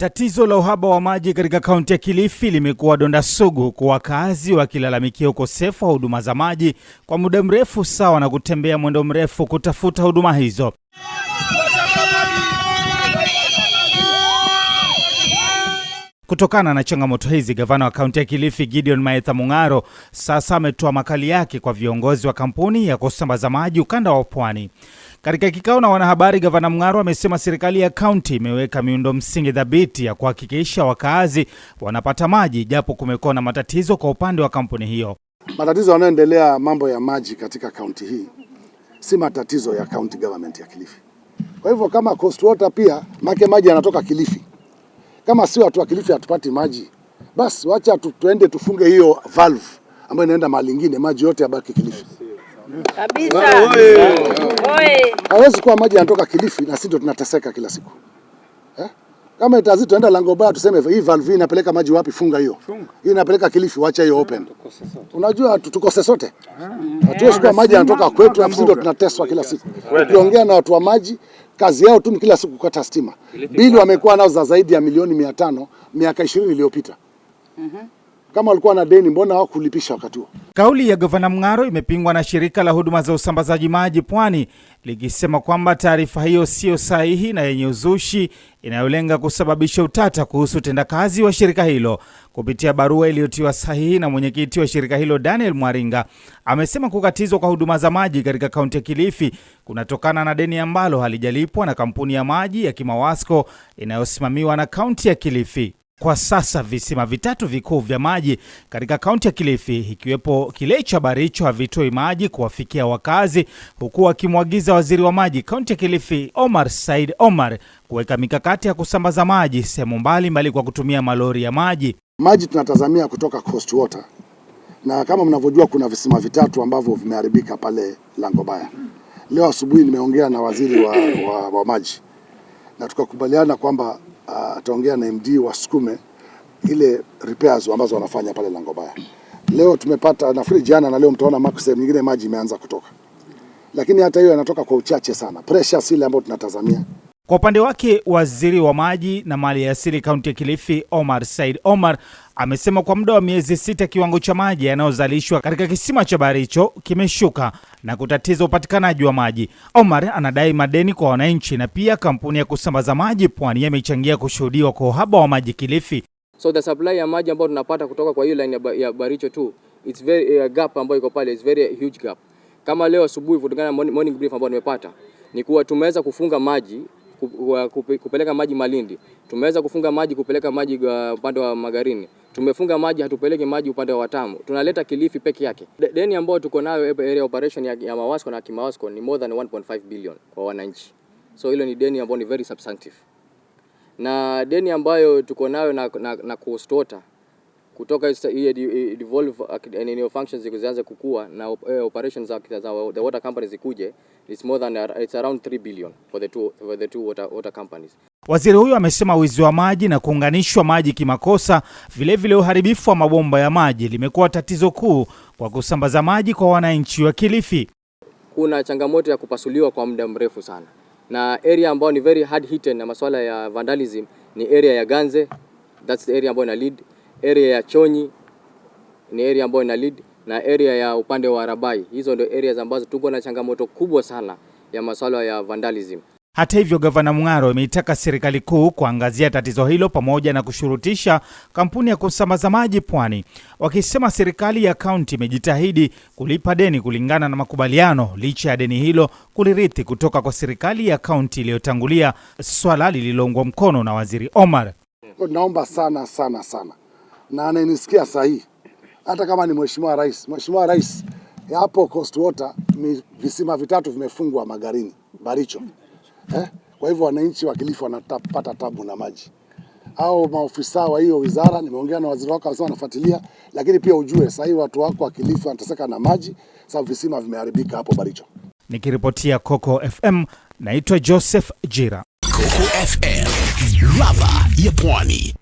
Tatizo la uhaba wa maji katika kaunti ya Kilifi limekuwa donda sugu, huku wakazi wakilalamikia ukosefu wa huduma za maji kwa muda mrefu, sawa na kutembea mwendo mrefu kutafuta huduma hizo. Kutokana na changamoto hizi, gavana wa kaunti ya Kilifi Gideon Maetha Mung'aro sasa ametoa makali yake kwa viongozi wa kampuni ya kusambaza maji ukanda wa Pwani. Katika kikao na wanahabari, gavana Mng'aro amesema serikali ya kaunti imeweka miundo msingi thabiti ya kuhakikisha wakaazi wanapata maji, japo kumekuwa na matatizo kwa upande wa kampuni hiyo. Matatizo yanayoendelea mambo ya maji katika kaunti hii si matatizo ya county government ya Kilifi. Kwa hivyo kama Coast Water pia make maji yanatoka Kilifi, kama si watu wa Kilifi hatupati maji, basi wacha tuende tufunge hiyo valve ambayo inaenda mahali ingine, maji yote yabaki Kilifi kabisa. Hawezi kuwa maji yanatoka Kilifi na sisi tunateseka kila siku eh? Kama itazi tuenda Langobaya tuseme hii valve inapeleka maji wapi? Funga hiyo. Hii inapeleka Kilifi, wacha hiyo open. Unajua tukose sote. Eh. Hatuwezi eh, kuwa maji yanatoka kwetu afu ndio tunateswa kila siku. Tukiongea na watu wa maji, kazi yao tu kila siku kukata stima. Bili wamekuwa nao za zaidi ya milioni mia tano miaka ishirini iliyopita. Mhm kama walikuwa na deni, mbona hawakulipisha wakati huo? Kauli ya gavana Mng'aro imepingwa na shirika la huduma za usambazaji maji Pwani likisema kwamba taarifa hiyo siyo sahihi na yenye uzushi inayolenga kusababisha utata kuhusu utendakazi wa shirika hilo. Kupitia barua iliyotiwa sahihi na mwenyekiti wa shirika hilo Daniel Mwaringa, amesema kukatizwa kwa huduma za maji katika kaunti ya Kilifi kunatokana na deni ambalo halijalipwa na kampuni ya maji ya Kimawasco inayosimamiwa na kaunti ya Kilifi. Kwa sasa visima vitatu vikuu vya maji katika kaunti ya Kilifi ikiwepo kile cha Baricho havitoi maji kuwafikia wakazi, huku wakimwagiza waziri wa maji kaunti ya Kilifi Omar Said Omar kuweka mikakati ya kusambaza maji sehemu mbalimbali kwa kutumia malori ya maji. Maji tunatazamia kutoka Coast Water, na kama mnavyojua kuna visima vitatu ambavyo vimeharibika pale Langobaya. Leo asubuhi nimeongea na waziri wa, wa, wa maji na tukakubaliana kwamba ataongea ah, na MD wa sukume ile repairs ambazo wanafanya pale Langobaya. Leo tumepata nafikiri jana na leo mtaona mako sehemu nyingine maji imeanza kutoka, lakini hata hiyo yanatoka kwa uchache sana. Pressure ile ambayo tunatazamia kwa upande wake waziri wa maji na mali ya asili kaunti ya Kilifi, Omar Said Omar, amesema kwa muda wa miezi sita kiwango cha maji yanayozalishwa katika kisima cha bahari hicho kimeshuka na kutatiza upatikanaji wa maji. Omar anadai madeni kwa wananchi na pia kampuni ya kusambaza maji pwani yamechangia kushuhudiwa kwa uhaba wa maji Kilifi. So the supply ya maji ambayo tunapata kutoka kwa hiyo line ya Baricho tu, it's very uh, gap ambayo iko pale, it's very huge gap. Kama leo asubuhi, kutokana na morning brief ambayo nimepata, ni kuwa tumeweza kufunga maji kupeleka maji Malindi, tumeweza kufunga maji kupeleka maji uh, upande wa Magarini, tumefunga maji hatupeleki maji upande wa Watamu, tunaleta Kilifi peke yake. Deni ambayo tuko nayo area operation ya, ya Mawasco na Kimawasco ni more than 1.5 billion kwa wananchi, so hilo ni deni ambayo ni very substantive, na deni ambayo tuko nayo na, na, na Coastwater kutoka devolve uh, functions zikuanza kukua na eh, operations za the water companies zikuje, it's more than it's around 3 billion for the two for the two water, water companies. Waziri huyo amesema wizi wa maji na kuunganishwa maji kimakosa, vile vile uharibifu wa mabomba ya maji limekuwa tatizo kuu kwa kusambaza maji kwa wananchi wa Kilifi. Kuna changamoto ya kupasuliwa kwa muda mrefu sana, na area ambayo ni very hard hit na masuala ya vandalism ni area ya Ganze, that's the area ambayo ina lead area ya Chonyi ni area ambayo ina lead na area ya upande wa Rabai. Hizo ndio areas ambazo tuko na changamoto kubwa sana ya masuala ya vandalism. Hata hivyo, Gavana Mung'aro ameitaka serikali kuu kuangazia tatizo hilo pamoja na kushurutisha kampuni ya kusambaza maji Pwani, wakisema serikali ya kaunti imejitahidi kulipa deni kulingana na makubaliano, licha ya deni hilo kulirithi kutoka kwa serikali ya kaunti iliyotangulia, swala lililoungwa mkono na Waziri Omar. Naomba sana sana sana na ananisikia sahihi, hata kama ni mheshimiwa rais. Mheshimiwa Rais, hapo Coast Water visima vitatu vimefungwa Magarini, Baricho eh? Kwa hivyo wananchi wa Kilifi wanapata tabu na maji. Au maofisa wa hiyo wizara, nimeongea na waziri wako, anasema anafuatilia, lakini pia ujue sahii watu wako wa Kilifi wanateseka na maji, sababu visima vimeharibika hapo Baricho. Nikiripotia Coco FM, naitwa Joseph Jira, Coco FM, ladha ya Pwani.